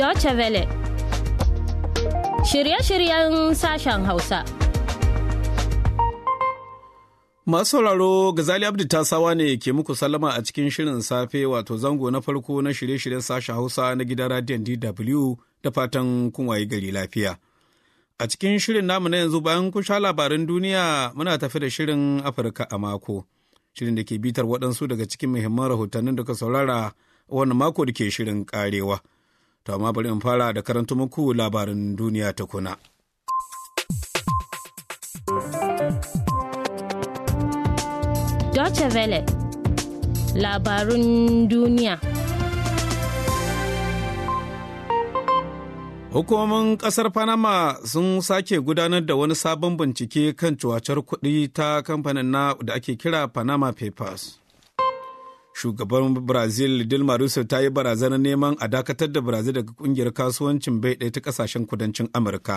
Deutsche Welle Shirye-shiryen sashen Hausa Masu sauraro Gazali Abdi Tasawa ne ke muku sallama a cikin shirin safe wato zango na farko na shirye-shiryen sashen Hausa na gidan radiyon DW da fatan kun gari lafiya. A cikin shirin namu na yanzu bayan kun sha labaran duniya muna tafi da shirin Afirka a mako. Shirin da ke bitar waɗansu daga cikin muhimman rahotannin da ka saurara wannan mako da ke shirin karewa. To amma bari in fara da karanta muku labarin duniya ta kuna. Deutsche Welle labarun duniya. Hukumomin ƙasar Panama sun sake gudanar da wani sabon bincike kan cuwacar kuɗi ta kamfanin na da ake kira Panama Papers. shugaban brazil dilma rousseff ta yi barazanar neman a dakatar da brazil daga kungiyar kasuwancin bai ɗaya ta kasashen kudancin amurka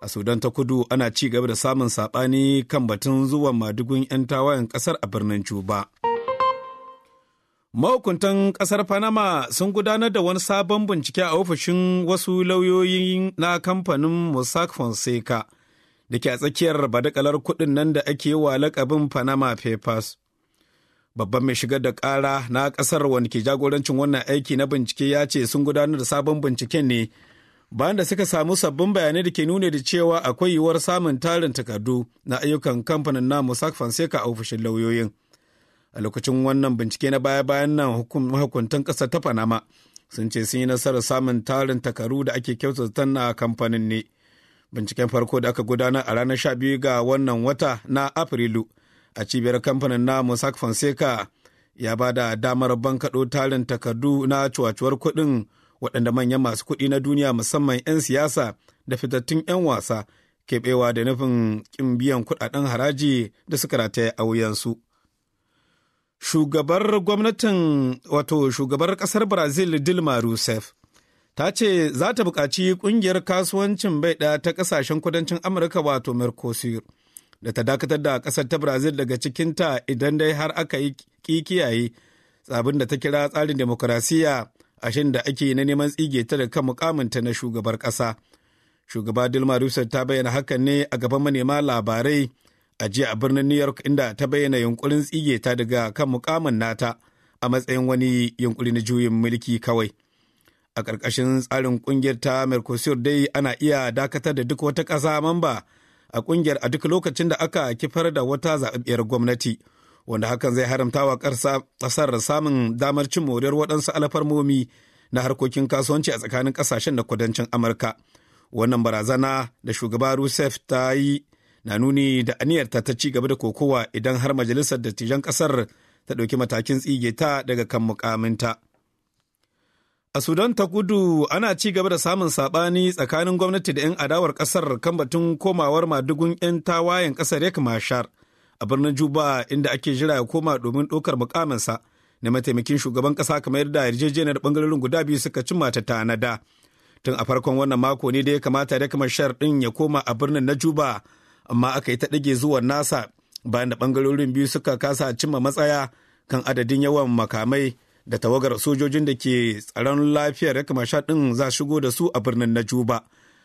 a sudan ta kudu ana ci gaba da samun saɓani kan batun zuwan madugun 'yan tawayen ƙasar a birnin cuba mahukuntan ƙasar panama sun gudanar da wani sabon bincike a ofishin wasu lauyoyi na kamfanin mossack fonseca da ke a tsakiyar badakalar kuɗin nan da ake yi wa lakabin panama papers babban mai shigar da ƙara na ƙasar wanda ke jagorancin wannan aiki na bincike ya ce sun gudanar da sabon binciken ne bayan da suka samu sabbin bayanai da ke nuna da cewa akwai yiwuwar samun tarin takardu na ayyukan kamfanin na Mossack Fonseca a ofishin lauyoyin. A lokacin wannan bincike na baya-bayan nan mahukuntan ƙasa ta Panama sun ce sun yi nasarar samun tarin takardu da ake kyautata na kamfanin ne. Binciken farko da aka gudanar a ranar 12 ga wannan wata na Afrilu a cibiyar kamfanin na mossack fonseca ya ba da damar bankaɗo tarin takardu na cuwacuwar kuɗin waɗanda manyan masu kuɗi na duniya musamman 'yan siyasa da fitattun 'yan wasa keɓewa da nufin ƙin biyan kuɗaɗen haraji da suka rataye a wuyansu. Shugabar gwamnatin wato shugabar ƙasar Brazil Dilma Rousseff ta ce za ta buƙaci ƙungiyar kasuwancin bai ɗaya ta ƙasashen kudancin Amurka wato Mercosur da ta dakatar da ƙasar ta brazil daga cikinta idan dai har aka yi kikiyaye tsabin da ta kira tsarin a ashin da ake na neman tsige ta da kan mukaminta na shugabar ƙasa shugaba dilma rousseff ta bayyana hakan ne a gaban manema labarai a jiya a birnin new york inda ta bayyana yunkurin tsige ta daga kan mukamin nata a matsayin wani yunkuri na juyin mulki kawai a ƙarƙashin tsarin ƙungiyar ta mercosur dai ana iya dakatar da duk wata ƙasa mamba a kungiyar a duk lokacin da aka kifar da wata zaɓaɓɓiyar gwamnati wanda hakan zai haramta wa ƙasar samun damar cin moriyar waɗansu alfarmomi na harkokin kasuwanci a tsakanin ƙasashen da kudancin amurka wannan barazana da shugaba rusef ta yi na nuni da aniyarta ta ci gaba da kokowa idan har majalisar dattijan ƙasar ta ɗauki matakin tsige ta daga kan mukaminta. A Sudan ta kudu ana ci gaba da samun saɓani tsakanin gwamnati da 'yan adawar ƙasar kan batun komawar madugun 'yan tawayen ƙasar Riek Mashar a birnin Juba inda ake jira ya koma domin ɗaukar mukaminsa na mataimakin shugaban ƙasa kamar yadda yarjejeniyar ɓangarorin guda biyu suka cimma ta tanada. Tun a farkon wannan mako ne da ya kamata Riek Mashar ɗin ya koma a birnin na Juba amma aka yi ta ɗage zuwa nasa bayan da bangarorin biyu suka kasa cimma matsaya kan adadin yawan makamai da tawagar sojojin da ke tsaron lafiyar yakama sha ɗin za shigo da su a birnin na juba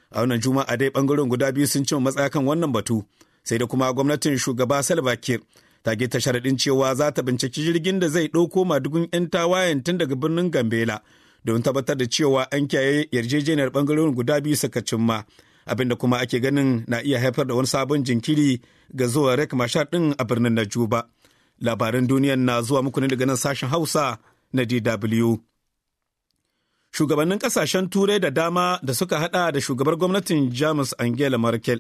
a wannan juma'a dai ɓangaren guda biyu sun ci matsaya kan wannan batu sai da kuma gwamnatin shugaba salva kiir ta ta sharaɗin cewa za ta binciki jirgin da zai ɗauko madugun 'yan tawayen tun daga birnin gambela don tabbatar da cewa an kiyaye yarjejeniyar ɓangarorin guda biyu suka cimma abinda kuma ake ganin na iya haifar da wani sabon jinkiri ga zuwa rek mashar ɗin a birnin na juba labaran duniyan na zuwa muku ne daga nan sashen hausa na DW. Shugabannin kasashen Turai da dama da suka hada da shugabar gwamnatin Jamus Angela Merkel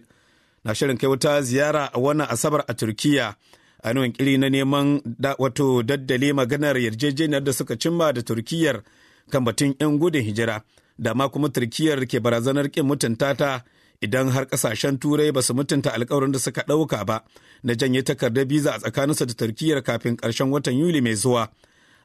na shirin kai wata ziyara a wannan Asabar a Turkiyya. a nuwan kiri na neman wato daddale maganar yarjejeniyar da suka cimma da turkiyyar kan batun 'yan gudun hijira da ma kuma turkiyyar ke barazanar kin mutunta ta idan har kasashen turai ba su mutunta alkawarin da suka ɗauka ba na janye takardar biza a tsakaninsa da turkiyyar kafin ƙarshen watan yuli mai zuwa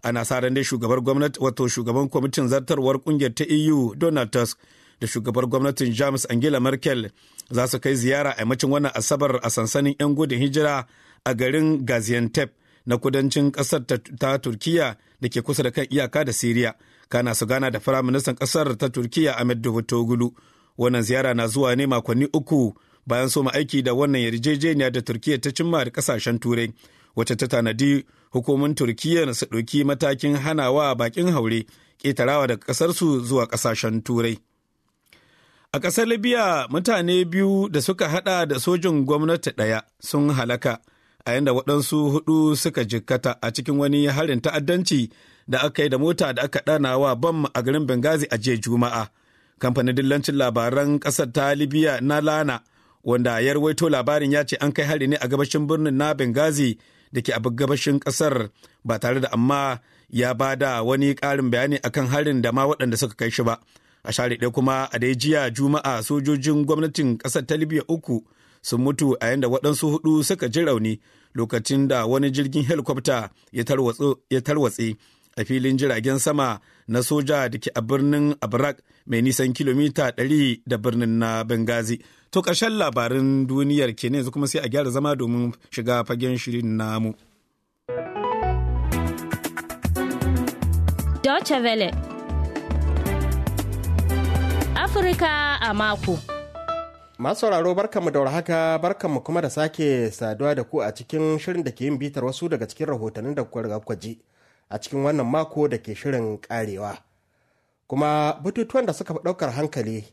ana sa ran dai shugabar gwamnati wato shugaban kwamitin zartarwar kungiyar ta eu donald tusk da shugabar gwamnatin james angela merkel za su kai ziyara a yammacin wannan asabar a sansanin 'yan gudun hijira a garin gaziantep na kudancin kasar ta turkiya da ke kusa da kan iyaka da siriya kana su gana da firaministan kasar ta turkiya ahmed davutoglu wannan ziyara na zuwa ne makonni uku bayan soma aiki da wannan yarjejeniya da turkiya ta cimma da kasashen turai wacce ta tanadi hukumin turkiyya su ɗauki matakin hanawa bakin haure ƙetarawa daga ƙasarsu zuwa ƙasashen turai a ƙasar libya mutane biyu da suka haɗa da sojin gwamnati ɗaya sun halaka a yadda waɗansu hudu suka jikkata a cikin wani harin ta'addanci da aka yi da mota da aka ɗana wa bam a garin bengazi a jiya juma'a kamfanin dillancin labaran ƙasar ta libya na lana wanda ya rawaito labarin ya ce an kai hari ne a gabashin birnin na Benghazi da ke abin gabashin kasar ba tare da amma ya ba da wani ƙarin bayani akan harin da ma waɗanda suka kai shi ba. A share ɗaya kuma a dai jiya Juma'a sojojin gwamnatin ƙasar ta Libya uku sun mutu a yanda waɗansu hudu suka ji rauni lokacin da wani jirgin helikwafta ya tarwatse a filin jiragen sama na soja da ke a birnin Abrak mai nisan kilomita 100 da birnin na bengazi To ƙarshen labarin duniyar ke ne kuma sai a gyara zama domin shiga fagen shirin namu. Deutsche Welle Afirka a mako. Masu sauraro barkanmu da warhaka barkanmu kuma da sake saduwa da ku a cikin shirin da ke yin bitar wasu daga cikin rahotannin da kuka riga kuka ji. a cikin wannan mako da ke shirin karewa kuma batutuwan da suka fi ɗaukar hankali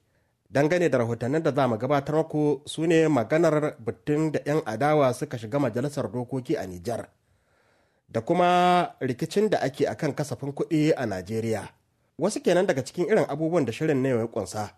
dangane da rahotannin da za mu gabatar muku su ne maganar batun da 'yan adawa suka shiga majalisar dokoki a Nijar da kuma rikicin da ake akan kasafin kuɗi a Najeriya. Wasu kenan daga cikin irin abubuwan da shirin na ya kunsa,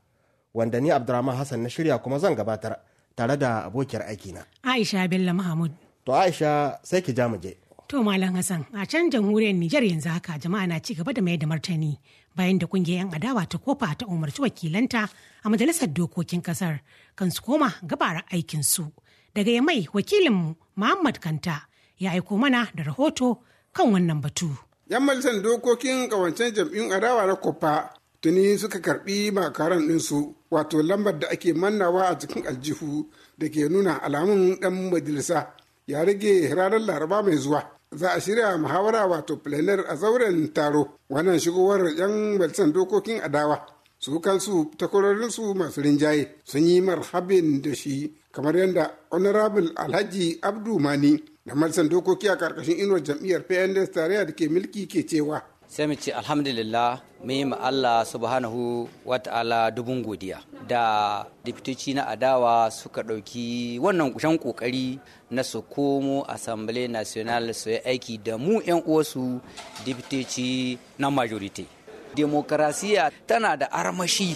wanda ni Abdurrahman Hassan na shirya kuma zan gabatar tare da abokiyar aikina. Aisha Bello Mahmud. To Aisha sai ki ja mu je. To Malam Hassan a can jamhuriyar Nijar yanzu haka jama'a na ci gaba da mayar da martani bayan da kungiyar 'yan adawa ta kofa ta umarci wakilanta a majalisar dokokin kasar kan su koma gabar su Daga ya mai wakilin Muhammad Kanta ya aiko mana da rahoto kan wannan batu. Yan majalisar dokokin kawancen jam'iyyun adawa na kofa tuni suka karbi makaran su wato lambar da ake mannawa a cikin aljihu da ke nuna alamun dan majalisa ya rage ranar laraba mai zuwa za a shirya muhawara wato plenar a zauren taro wannan shigowar 'yan balsan dokokin adawa su kansu takwarorinsu masu rinjaye sun yi marhabin da shi kamar yadda honorable alhaji abdu mani da malsan dokoki a karkashin inuwar jam'iyyar pnds tarayya da ke milki ke cewa sai mu ce alhamdulillah mu yi ma Allah subhanahu wa ta'ala dubun godiya da dipitoci na adawa suka ɗauki wannan kushen ƙoƙari na su komo assembly national su yi aiki da mu 'yan uwasu dipitoci na majority demokarasiya tana da armashi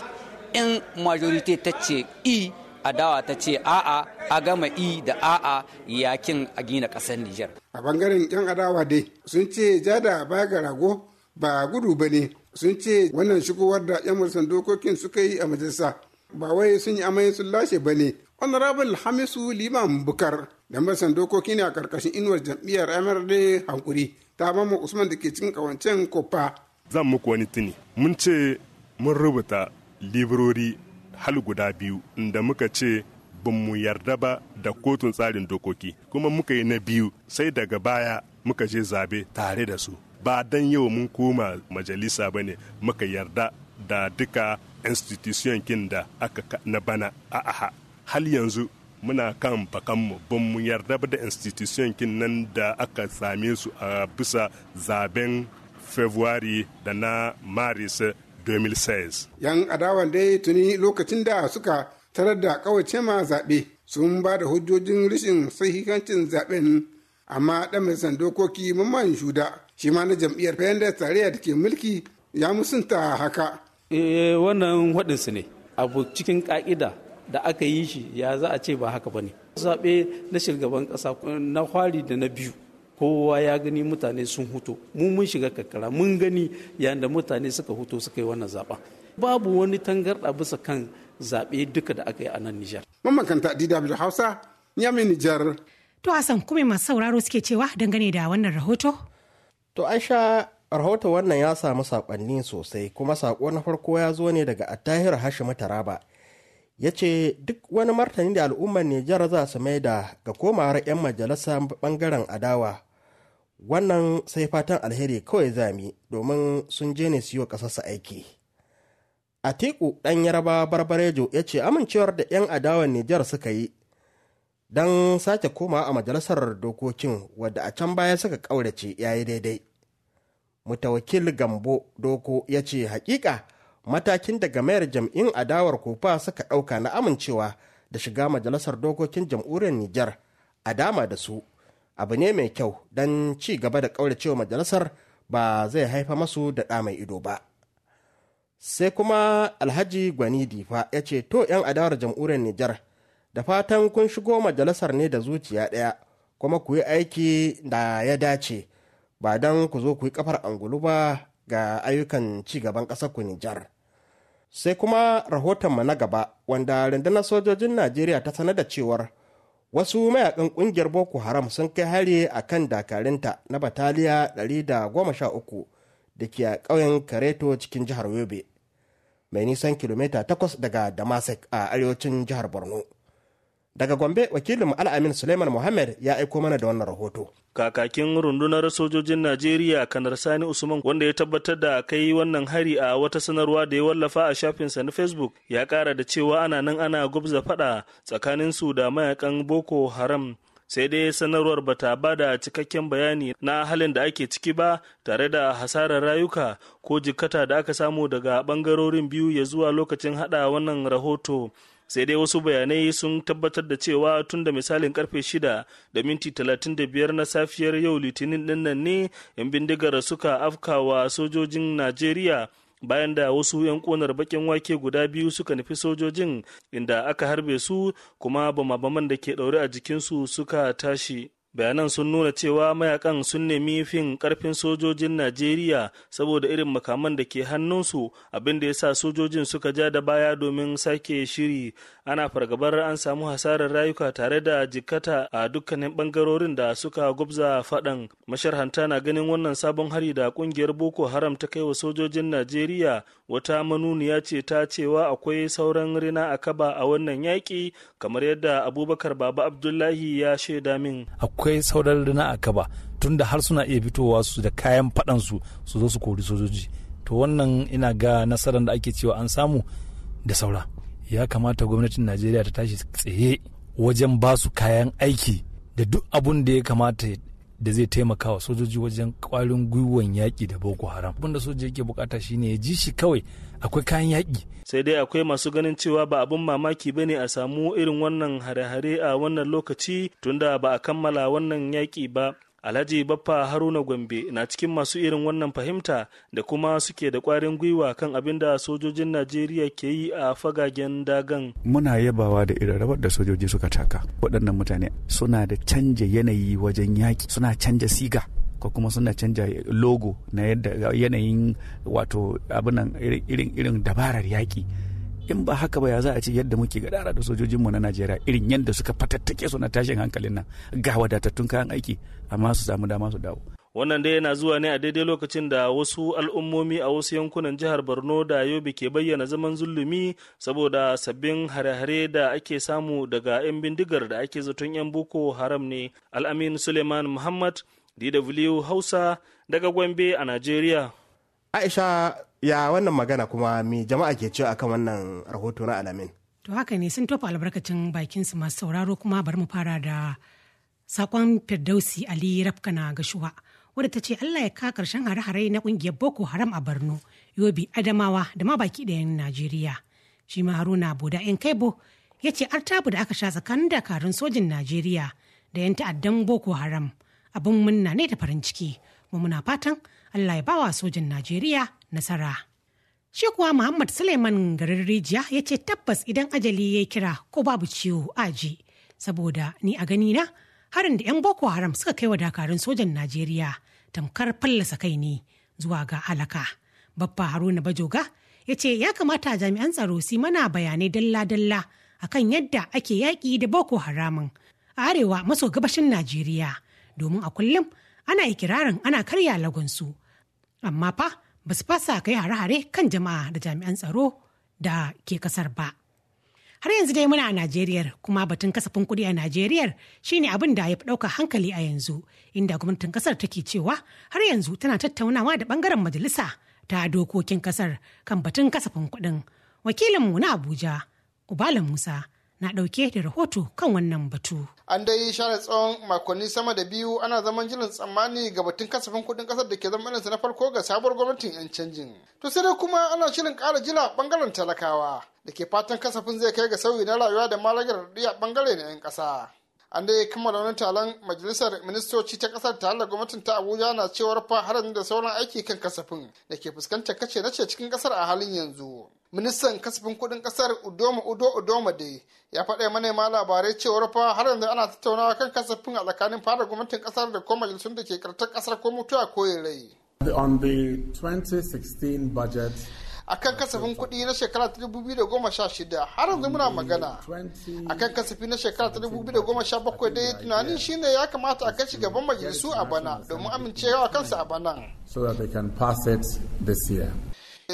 in majority ta ce i adawa ta ce a'a a gama i da a'a yakin a gina ƙasar Nijar. A bangaren 'yan adawa dai sun ce jada da baya ga rago ba gudu ba ne sun ce wannan shigowar da 'yan majalisar dokokin suka yi a majalisa ba wai sun yi amai sun lashe ba ne honorable hamisu liman bukar da majalisar dokoki ne a karkashin inuwar jam'iyyar mrd hankuri ta mama usman da ke cikin kawancen kofa zan muku wani tuni mun ce mun rubuta librori hal guda biyu inda muka ce ba mu yarda ba da kotun tsarin dokoki kuma muka yi na biyu sai daga baya muka je zabe tare da su ba dan yau mun koma majalisa ba ne muka yarda da duka institution kin da aka na bana a aha hal yanzu muna kan bakanmu ban mu yarda da institution kin nan da aka same su a bisa zaben february da na maris 2016 yan adawa dai tuni lokacin da suka tarar da kawace ma zaɓe sun ba da hujjojin rashin sahihancin zaɓen amma ɗan mai dokoki mamman shuda shi ma na jam'iyyar fayyandar tarayya da ke mulki ya musunta haka. Eh wannan waɗinsu ne abu cikin ƙa'ida da aka yi shi ya za a ce ba haka ba ne. Zaɓe na shirgaban ƙasa na hwari da na biyu kowa ya gani mutane sun hutu mu mun shiga kakkara mun gani yadda mutane suka huto suka yi wannan zaɓa. Babu wani tangarɗa bisa kan zaɓe duka da aka yi a nan Nijar. Mamakanta DW Hausa, Niamey Nijar. To Hassan kuma masu sauraro suke cewa dangane da wannan rahoto To Aisha rahoton wannan ya samu saƙonni sosai kuma saƙo na farko ya zo ne daga attahir Hashimu Taraba. Ya ce duk wani martani da al'ummar Nijar za su maida ga komawar 'yan majalisa bangaren adawa. Wannan sai fatan alheri kawai zami domin sun je ne siyo ƙasarsa aiki. Atiku ɗan yaraba barbarejo ya ce amincewar da 'yan adawan Nijar suka yi don sake koma a majalisar dokokin wadda a can baya suka ƙaurace ya yi daidai mutawakil gambo doko ya ce hakika matakin da gamayar jam'in adawar kofa suka ɗauka na amincewa da shiga majalisar dokokin jam'uriyar nijar a dama da su abu ne mai kyau don ci gaba da cewa majalisar ba zai haifa masu da ɗa mai ido ba sai kuma alhaji gwani difa ya ce to 'yan adawar jam'uriyar nijar da fatan kun shigo majalisar ne da zuciya ɗaya kuma ku yi aiki da ya dace ba don ku zo ku yi kafar angulu ba ga ayyukan ci gaban ƙasar ku Nijar. Sai kuma rahotonmu na gaba wanda rundunar sojojin Najeriya ta sanar da cewar wasu mayakan ƙungiyar Boko Haram sun kai hari a kan dakarinta na Bataliya 113 da ke a ƙauyen Kareto cikin jihar Yobe. Mai nisan kilomita 8 daga Damasek a arewacin jihar Borno. Daga Gombe wakilin Al'amin Suleiman Muhammad ya aiko mana da wannan rahoto. Kakakin rundunar sojojin Najeriya Kanar Sani Usman wanda ya tabbatar da kai wannan hari a wata sanarwa da ya wallafa a shafinsa na Facebook ya kara da cewa ana nan ana gwabza fada tsakanin su da mayakan Boko Haram sai dai sanarwar ba bata da cikakken bayani na halin da ake ciki ba tare da hasarar rayuka ko jikata da aka samu daga bangarorin biyu ya zuwa lokacin hada wannan rahoto sai dai wasu bayanai sun tabbatar da cewa tun da misalin karfe 6 da minti 35 na safiyar yau litinin dinnan ne 'yan bindigar suka afkawa sojojin najeriya bayan da wasu 'yan konar bakin wake guda biyu suka nufi sojojin inda aka harbe su kuma bama-baman da ke ɗaure a jikinsu suka tashi bayanan sun nuna cewa mayakan sun nemi fin karfin sojojin najeriya saboda irin makaman da ke hannunsu abinda ya sa sojojin suka ja da baya domin sake shiri ana fargabar an samu hasarar rayuka tare da jikkata a dukkanin bangarorin da suka gubza faɗan masharhanta na ganin wannan sabon hari da kungiyar boko haram ta kai wa sojojin najeriya wata manuniya ce ta cewa akwai sauran rina a kaba a wannan yaƙi kamar yadda abubakar baba abdullahi ya shaida min akwai sauran rina a kaba da har suna iya fitowa su da kayan faɗansu su zo su kori sojoji to wannan ina ga nasarar da ake cewa an samu da saura ya kamata gwamnatin najeriya ta tashi tsaye wajen ba su kayan aiki da duk abun da ya kamata da zai taimaka wa sojoji wajen kwarin gwiwon yaƙi da boko haram abin da soja yake bukata shine ya ji shi kawai akwai kayan yaƙi sai dai akwai masu ganin cewa ba abin mamaki bane a samu irin wannan hare-hare a wannan lokaci tunda ba a kammala wannan yaƙi ba Alhaji Baffa Haruna Gombe na cikin masu irin wannan fahimta da kuma suke da ƙwarin gwiwa kan abin da sojojin Najeriya ke yi a fagagen dagan. Muna yabawa da irin rawar da sojoji suka taka. Waɗannan mutane suna da canja yanayi wajen yaƙi, suna canja siga. ko kuma suna canja logo na yadda yanayin wato abinan irin irin dabarar yaƙi in ba haka ba ya za a ce yadda muke gaɗara da sojojinmu na najeriya irin yadda suka fatattake su na tashin hankalin nan ga wadatattun kayan aiki amma su samu dama su dawo wannan dai yana zuwa ne a daidai lokacin da wasu al'ummomi a wasu yankunan jihar borno da yobe ke bayyana zaman zulumi saboda sabbin hare-hare da ake samu daga 'yan bindigar da ake zaton 'yan boko haram ne al'amin suleiman muhammad dw hausa daga gombe a najeriya aisha ya wannan magana kuma me jama'a ke cewa akan wannan rahoto na alamin to haka ne sun tofa albarkacin bakin su masu sauraro kuma bari mu fara da sakon firdausi ali rafkana gashuwa wadda ta ce allah ya ka karshen hare-hare na kungiyar boko haram a borno yobi adamawa da ma baki ɗayan najeriya shi ma haruna buda in kaibo ya ce tabu da aka sha tsakanin dakarun sojin najeriya da yan ta'addan boko haram abin munna ne da farin ciki mu muna fatan Allah ya bawa sojin Najeriya nasara. Shi kuwa Muhammad Suleiman garin rijiya ya ce tabbas idan ajali ya kira ko babu ciwo aji saboda ni a gani na harin da 'yan Boko Haram suka kai wa dakarun sojan Najeriya tamkar fallasa kai ne zuwa ga halaka. Babba Haruna Bajoga ya ce ya kamata jami'an tsaro si mana bayanai dalla-dalla akan yadda ake yaƙi da Boko Haramun a arewa maso gabashin Najeriya domin a kullum ana ikirarin ana karya lagonsu amma fa ba su fasa kai hare-hare kan jama'a da jami'an tsaro da ke kasar ba har yanzu dai muna a najeriya kuma batun kasafin kuɗi a najeriya shine abin da ya fi ɗaukar hankali a yanzu inda gwamnatin kasar take cewa har yanzu tana tattaunawa da ɓangaren majalisa ta dokokin kasar kan batun kasafin kuɗin wakilinmu na abuja ubalan musa na ɗauke da rahoto kan wannan batu. An dai share tsawon makonni sama da biyu ana zaman jiran tsammani ga batun kasafin kuɗin ƙasar da ke zama irinsa na farko ga sabuwar gwamnatin 'yan canjin. To sai dai kuma ana shirin ƙara jila bangaren talakawa da ke fatan kasafin zai kai ga sauyi na rayuwa da malagar ɗiya raɗaɗi a ɓangare na 'yan ƙasa. an dai kammala wani talon majalisar ministoci ta kasar tare da gwamnatin ta abuja na cewar fa har da sauran aiki kan kasafin da ke fuskantar kace nace cikin kasar a halin yanzu ministan kasafin kudin kasar udoma udo udoma dai ya faɗa manema labarai cewar fa har yanzu ana tattaunawa kan kasafin a tsakanin fara gwamnatin kasar da ko majalisun da ke karatar kasar ko mutuwa ko rai. akan kasafin kuɗi na shekara ta 2016 har yanzu muna magana akan kasafi na shekara ta da dai tunanin shine ya kamata a kai gaban majalisu a bana domin amincewa kansa a bana so that they can pass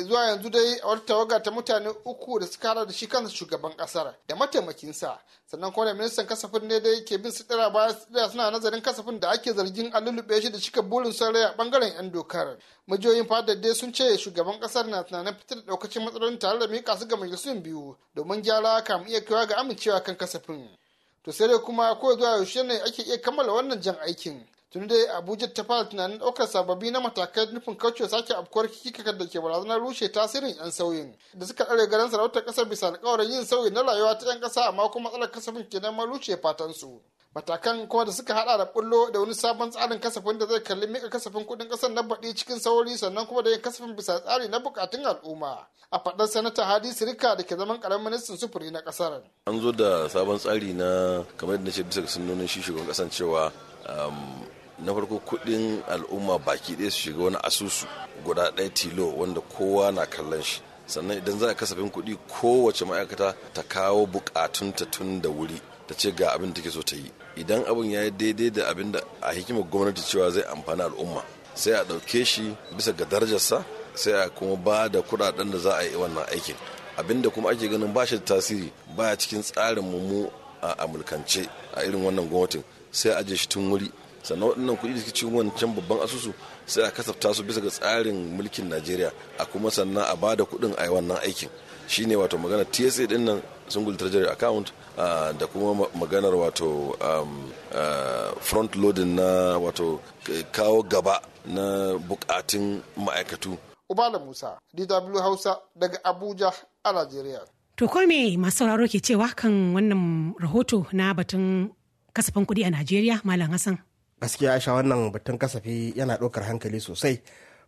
zuwa yanzu dai a wata tawaga ta mutane uku da suka hada da shi kansa shugaban kasar da mataimakinsa sannan kuma da ministan kasafin ne da ke bin su baya suna nazarin kasafin da ake zargin an lullube shi da cika burin sarai a bangaren yan dokar majiyoyin fadar dai sun ce shugaban kasar na tunanin fitar da daukacin matsalolin tare da mika su ga majalisun biyu domin gyara kam iya kaiwa ga amincewa kan kasafin to sai dai kuma ko zuwa yaushe ne ake iya kammala wannan jan aikin tun dai abuja ta fara tunanin ɗaukar sababbi na matakai nufin kaucewa sake abkuwar kikikar da ke barazanar rushe tasirin 'yan sauyin da suka ɗare garin sarautar ƙasar bisa alƙawarin yin sauyi na rayuwa ta 'yan ƙasa amma kuma matsalar kasafin ke ma rushe fatansu. matakan kuma da suka hada da bullo da wani sabon tsarin kasafin da zai kalli mika kasafin kudin kasar na baɗi cikin sauri sannan kuma da yin kasafin bisa tsari na bukatun al'umma a faɗar sanata hadi sirika da ke zaman karamin ministan sufuri na kasar an zo da sabon tsari na kamar yadda na ce bisa ga sunonin shi shugaban kasan cewa um, na farko kudin al'umma baki ɗaya su shiga wani asusu guda ɗaya tilo wanda kowa na kallon shi sannan idan za a kasafin kuɗi kowace ma'aikata ta kawo bukatunta tun da wuri ta ce ga abin da take so ta yi idan abun ya yi daidai da abin da a hikimar gwamnati cewa zai amfani al'umma sai a ɗauke shi bisa ga darajarsa sai a kuma ba da kuɗaɗen da za a yi wannan aikin abin da kuma ake ganin bashi da tasiri baya cikin tsarin mu a amulkance a irin wannan gwamnatin sai a aje shi tun wuri sannan waɗannan kuɗi da suke cikin wancan babban asusu sai a kasafta su bisa ga tsarin mulkin najeriya a kuma sannan a ba da kuɗin a yi wannan aikin shine wato magana tsa ɗin nan single treasury account uh, da kuma maganar wato um, uh, front loading na wato eh, kawo gaba na bukatun ma'aikatu. Ubala Musa, DW Hausa daga Abuja a Najeriya. To ko me masu sauraro ke cewa kan wannan rahoto na batun kasafin kuɗi a Najeriya Malam Hassan? Gaskiya Aisha wannan batun kasafi yana ɗaukar hankali sosai.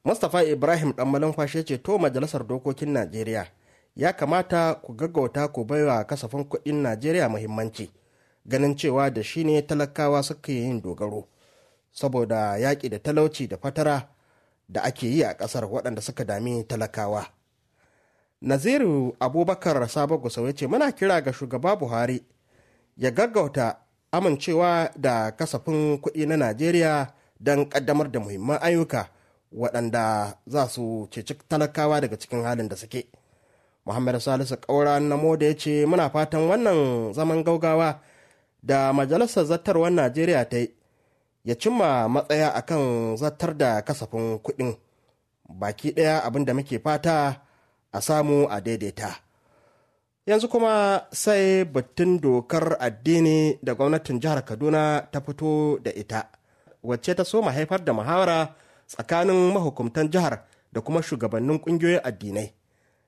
Mustapha Ibrahim ɗan malamfashi ce to majalisar dokokin Najeriya ya kamata ku gaggauta ku baiwa kasafin kuɗin najeriya muhimmanci ganin cewa da shi ne talakawa suka yin dogaro saboda yaƙi da talauci da fatara da ake yi a ƙasar waɗanda suka dami talakawa naziru abubakar sabo gusau ya ce muna kira ga shugaba buhari ya gaggauta amincewa da kasafin kuɗi na najeriya don ƙaddamar da muhimman ayyuka waɗanda za su ceci talakawa daga cikin halin da suke. muhammad salisu kaura namo da ya ce muna fatan wannan zaman gaugawa da majalisar zartarwar najeriya ta yi ya cimma matsaya a kan zartar da kasafin kuɗin baki ɗaya abin da muke fata a samu a daidaita yanzu kuma sai batun dokar addini da gwamnatin jihar kaduna ta fito da ita wacce ta so haifar da muhawara tsakanin mahukumtan jihar da kuma shugabannin ƙungiyoyin addinai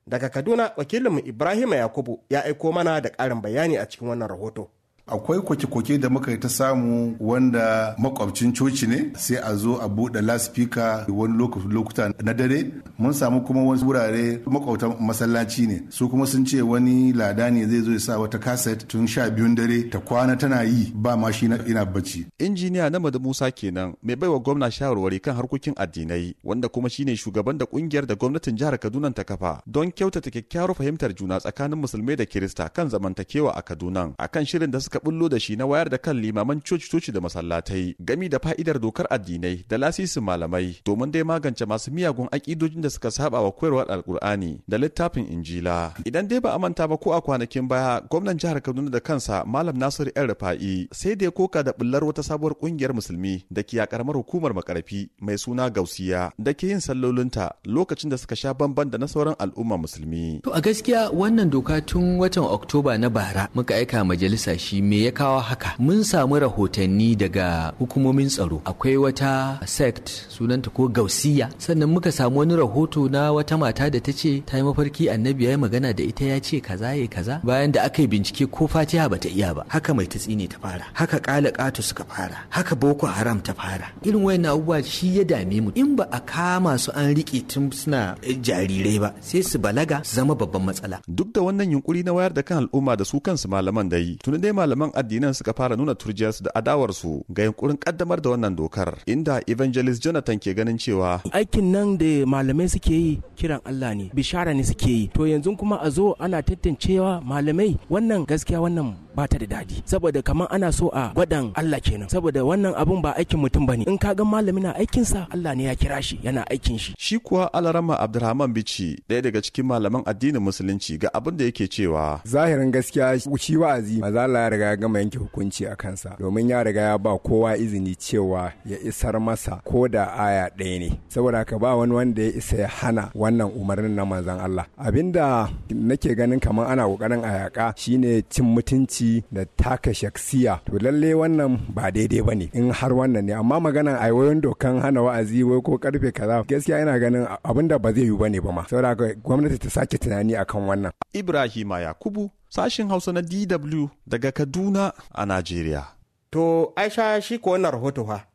Daga Kaduna wakilinmu Ibrahima Yakubu ya aiko mana da karin bayani a cikin wannan rahoto. akwai koke-koke da muka yi ta samu wanda makwabcin coci ne sai a zo a buɗe laspika wani lokuta na dare mun samu kuma wani wurare makwabtan masallaci ne su kuma sun ce wani lada ne zai zo ya sa wata kaset tun sha biyun dare ta kwana tana yi ba ma shi ina bacci injiniya na da musa kenan mai baiwa gwamna shawarwari kan harkokin addinai wanda kuma shine shugaban da kungiyar da gwamnatin jihar kaduna ta kafa don kyautata kyakkyawar fahimtar juna tsakanin musulmai da kirista kan zamantakewa a kaduna akan shirin da suka bullo da shi na wayar da kan limaman coci-coci da masallatai gami da fa'idar dokar addinai da lasisin malamai domin dai magance masu miyagun aƙidojin da suka saba wa koyarwar alkur'ani da littafin injila idan dai ba a manta ba ko a kwanakin baya gwamnan jihar kaduna da kansa malam nasir yan rufa'i sai da ya koka da bullar wata sabuwar ƙungiyar musulmi da ke karamar hukumar makarfi mai suna gausiya da ke yin sallolinta lokacin da suka sha bamban da na sauran al'umma musulmi. to a gaskiya wannan doka tun watan oktoba na bara muka aika majalisa shi me ya kawo haka mun samu rahotanni daga hukumomin tsaro akwai wata sect sunanta ko gausiya sannan muka samu wani rahoto na wata mata da ta ce ta yi mafarki annabi ya yi magana da ita ya ce kaza ya kaza bayan da aka yi bincike ko fatiha bata iya ba haka mai tatsi ne ta fara haka kala katu suka fara haka boko haram ta fara irin na abubuwa shi ya dame mu in ba a kama su an riƙe tun suna jarirai ba sai su balaga su zama babban matsala duk da wannan yunkuri na wayar da kan al'umma da su kansu malaman da yi tuni dai malaman addinan suka fara nuna turjiyarsu da adawarsu ga yunkurin kaddamar da wannan dokar inda evangelist jonathan ke ganin cewa aikin nan da malamai suke yi kiran allah ne bishara ne suke yi to yanzu kuma a zo ana tantancewa malamai wannan gaskiya wannan ba ta da dadi saboda kamar ana so a gwadan Allah kenan saboda wannan abun ba aikin mutum bane in ka ga malami na aikin sa Allah ne ya kira shi yana aikin shi shi kuwa Alarama Abdulrahman Bichi daya daga cikin malaman addinin musulunci ga abin da yake cewa zahirin gaskiya shi wa'azi maza Allah ya riga ya gama yanke hukunci a kansa domin ya riga ya ba kowa izini cewa ya isar masa ko da aya ɗaya ne saboda ka ba wani wanda ya isa ya hana wannan umarnin na manzon Allah abinda nake ganin kamar ana kokarin ayaka shine cin mutunci mutunci da taka shaksiya to lalle wannan ba daidai ba ne in har wannan ne amma maganan a wayoyin dokan hana wa'azi wai ko karfe kaza gaskiya ina ganin abin da ba zai yi ne ba ma saboda gwamnati ta sake tunani akan wannan Ibrahima Yakubu sashin Hausa na DW daga Kaduna a Najeriya to Aisha shi ko wannan rahoto fa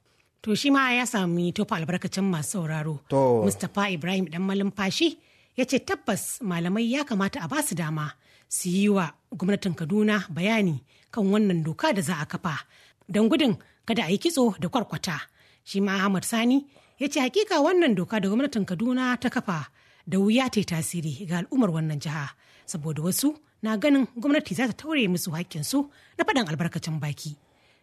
to shi ma ya sami fa albarkacin masu sauraro to Mustapha Ibrahim dan malumfashi ya ce tabbas malamai ya kamata a basu dama su yi wa gwamnatin kaduna bayani kan wannan doka da za a kafa don gudun kada a yi kitso da kwarkwata shi ma ahmad sani ya ce hakika wannan doka da gwamnatin kaduna ta kafa da wuya ta yi tasiri ga al'ummar wannan jiha saboda wasu na ganin gwamnati za ta taure musu haƙƙinsu na faɗin albarkacin baki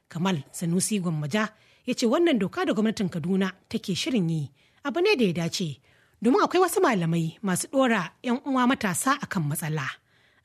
kamal sanusi gwammaja ya ce wannan doka da gwamnatin kaduna take shirin yi abu ne da ya dace domin akwai wasu malamai masu ɗora 'yan uwa matasa akan matsala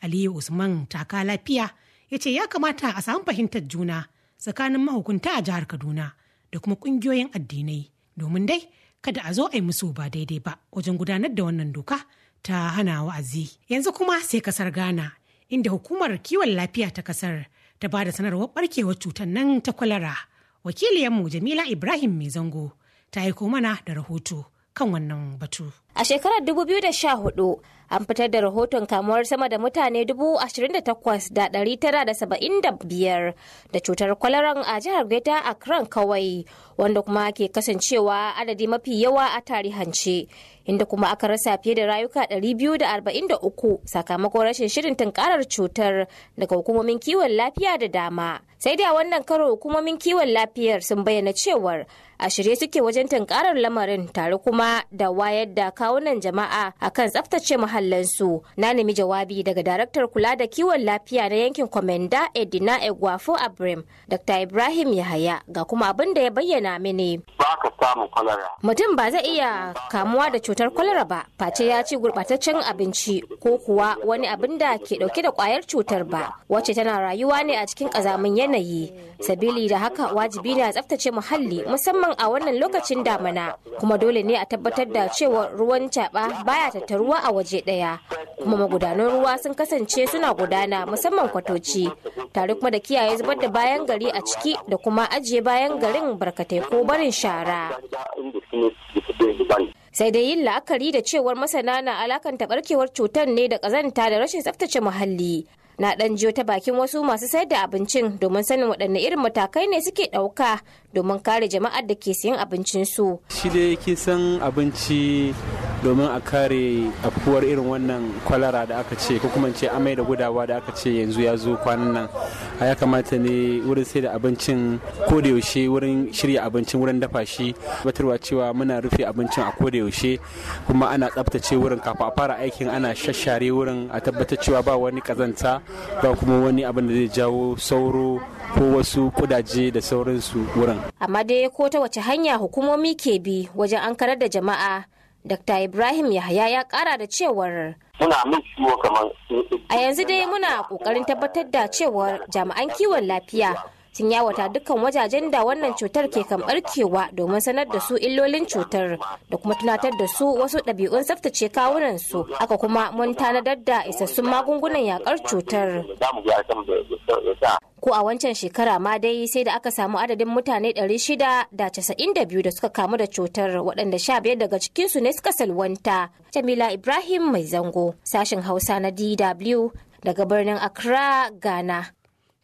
aliyu usman taka lafiya ya ce ya kamata a samu fahimtar juna tsakanin mahukunta a jihar kaduna da kuma kungiyoyin addinai domin dai kada a zo a yi musu ba daidai ba wajen gudanar da wannan doka ta hana wa'azi yanzu kuma sai kasar ghana inda hukumar kiwon lafiya ta kasar ta ba da sanarwar barkewar cutar nan ta kwalara wakiliyanmu jamila ibrahim mai zango ta aiko mana da rahoto kan wannan batu a shekarar 2014 an fitar da rahoton kamuwar sama da mutane 28,975 da cutar kwalaran a jihar a Accra kawai wanda kuma ke kasancewa adadi mafi yawa a tarihance inda kuma aka rasa fiye da rayuka 243 sakamakon rashin shirin tunkarar cutar daga hukumomin kiwon lafiya da dama. Sai dai a wannan karo hukumomin kiwon lafiyar sun bayyana cewar a shirye suke wajen tunkarar lamarin tare kuma da wayar da kawunan jama'a a kan tsaftace muhallansu. Na nemi jawabi daga daraktar kula da kiwon lafiya na yankin Komenda Edina Egwafo Abrim, Dr. Ibrahim Yahaya ga kuma abin da ya bayyana mini. Ba samun kwalara. Mutum ba zai iya kamuwa da cutar kwalara ba, face ya ci gurɓataccen abinci ko kuwa wani abin da ke ɗauke da kwayar cutar ba, wacce tana rayuwa ne a cikin ƙazamin yanayi. Sabili da haka wajibi ne a tsaftace muhalli musamman a wannan lokacin damana, kuma dole ne a tabbatar da cewa ruwan caɓa baya tattaruwa a waje ɗaya, kuma magudanan ruwa sun kasance suna gudana musamman kwatoci, tare kuma da kiyaye zubar da bayan gari a ciki da kuma ajiye bayan garin barkatai ko barin shara. Sai dai yin la'akari da cewar masana na alakanta barkewar cutar ne da kazanta da rashin tsaftace muhalli. Na dan jiyo ta bakin wasu masu sayar da abincin domin sanin waɗanne irin matakai ne suke ɗauka domin kare jama'ar da ke siyan abincinsu. Shi dai kisan abinci domin a kare afuwar irin wannan kwalara da aka ce ko kuma ce amai da gudawa da aka ce yanzu ya zo kwanan nan a ya kamata ne wurin sai da abincin kodayaushe wurin shirya abincin wurin dafa shi batarwa cewa muna rufe abincin a yaushe kuma ana tsabtace wurin kafin a fara aikin ana shashare wurin a tabbatar cewa ba wani kazanta ba kuma wani abin da zai jawo sauro ko wasu kudaje da sauransu wurin amma dai ko ta wace hanya hukumomi ke bi wajen an da jama'a Dr. Ibrahim Yahaya ya kara da cewar a yanzu dai muna ƙoƙarin tabbatar da cewar jami'an kiwon lafiya sun yawata dukkan wajajen da wannan cutar ke kan barkewa domin sanar da su illolin cutar da kuma tunatar da su wasu ɗabi'un tsaftace kawunan su aka kuma mun tanadar da isassun magungunan yakar cutar ko a wancan shekara ma dai sai da aka samu adadin mutane 692 da suka kamu da cutar waɗanda 15 daga cikinsu ne suka salwanta jamila ibrahim mai zango sashen hausa na dw daga birnin accra ghana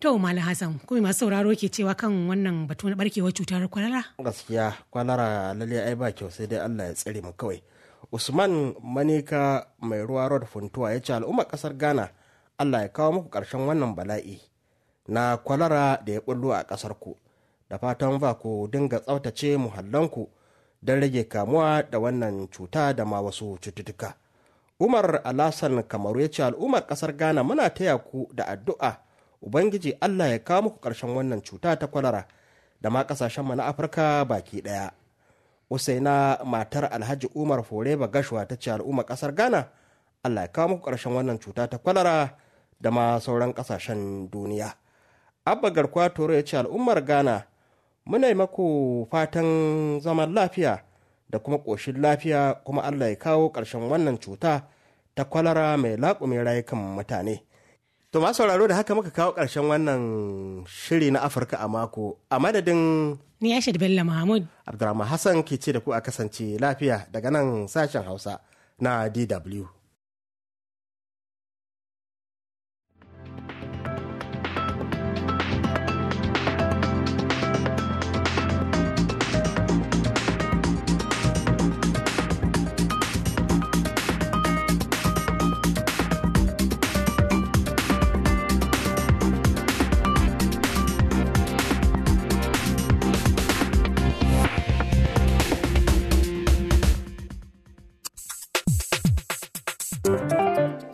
To Malam Hassan, kuma masu sauraro ke cewa kan wannan batu na barkewar cutar kwalara? Gaskiya kwalara lalle ai ba kyau sai dai Allah ya tsare mu kawai. Usman Manika mai ruwa Rod Funtuwa ya ce al'ummar kasar Ghana Allah ya kawo muku ƙarshen wannan bala'i na kwalara da ya bullo a kasar ku. Da fatan ba ku dinga tsaftace muhallanku don rage kamuwa da wannan cuta da ma wasu cututtuka. Umar Alasan Kamaru ya ce al'ummar ƙasar Ghana muna taya ku da addu'a ubangiji allah ya kawo muku ƙarshen wannan cuta ta kwalara da ma ƙasashen na afirka baki ɗaya usaina matar alhaji umar foreba gashuwa ta ce al'umma ƙasar ghana allah ya kawo muku ƙarshen wannan cuta ta kwalara da ma sauran ƙasashen duniya abba garkuwa toro ya ce al'ummar ghana muna yi maku fatan zaman lafiya da kuma ƙoshin lafiya kuma allah ya kawo ƙarshen wannan cuta ta kwalara mai laƙumin rayukan mutane To ma sauraro da haka muka kawo ƙarshen wannan shiri na Afirka a mako a madadin Ni Aisha Bello Mahmud Abdulrahman Hassan ke ce da ku a kasance lafiya daga nan sashen Hausa na DW.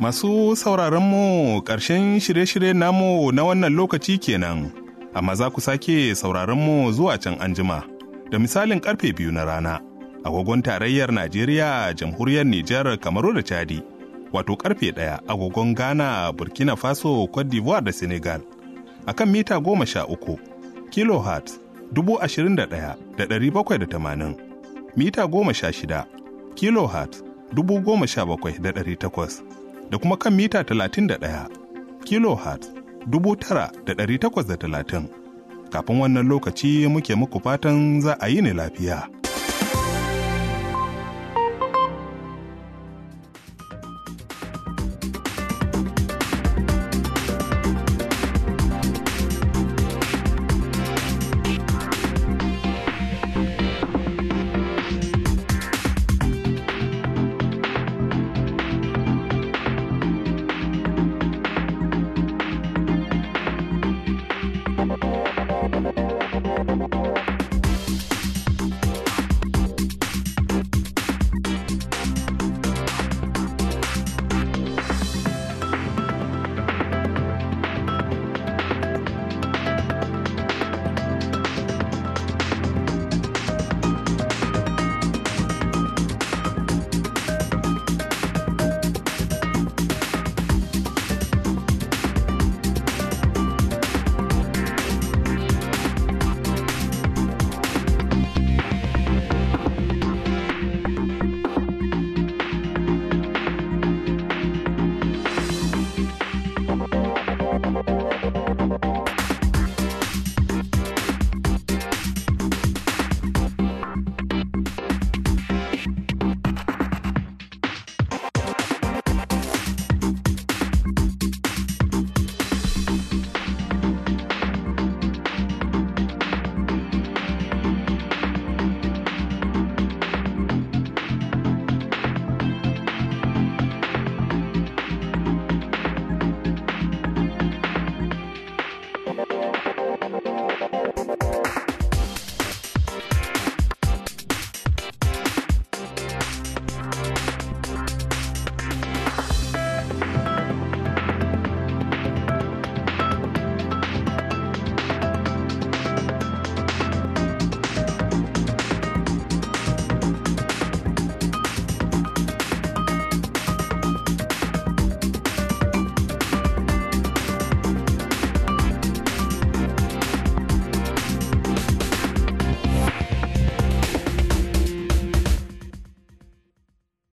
Masu sauraron mu ƙarshen shirye shiryen namu na wannan lokaci kenan, amma za ku sake mu zuwa can anjima, da misalin karfe biyu na rana, agogon tarayyar Najeriya, jamhuriyar Nijar, Kamaru da Chadi, wato karfe ɗaya agogon Ghana, Burkina Faso, Cote d'Ivoire da Senegal, a kan mita goma sha uku, kilohertz dubu ashirin da ɗaya da ɗari bakwai da tamanin, mita goma sha shida, kilohertz dubu goma sha bakwai da ɗari takwas. da kuma kan mita 31 kilohertz 9830 kafin wannan lokaci muke muku fatan za a yi ne lafiya.